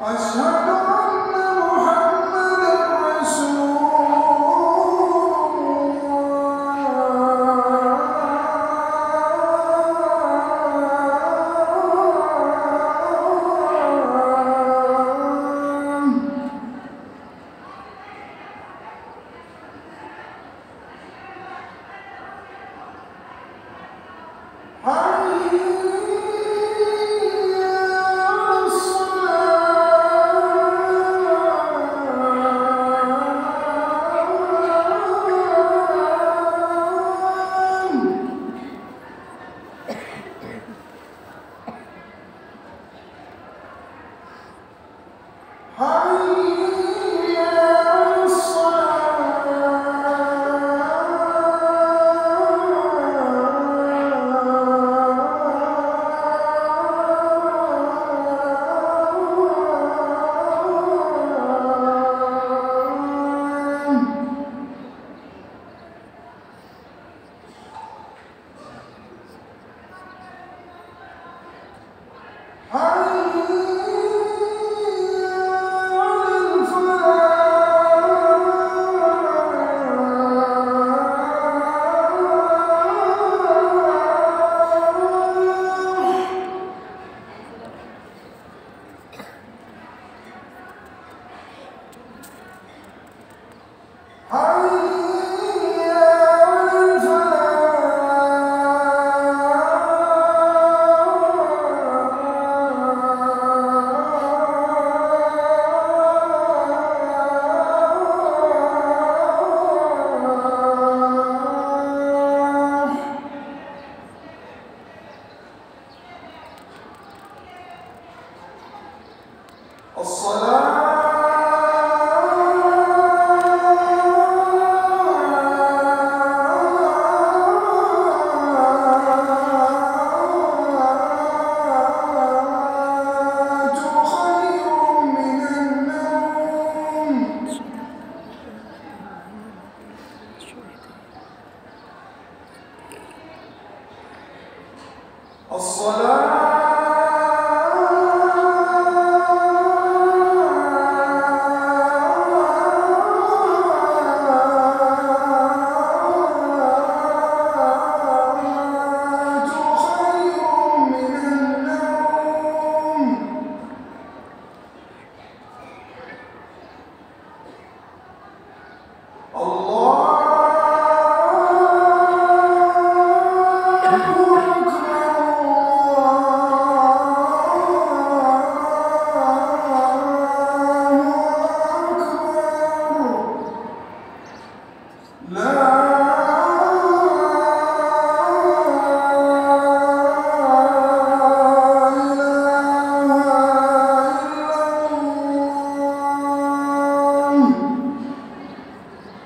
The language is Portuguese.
Achava Hurry! الصلاة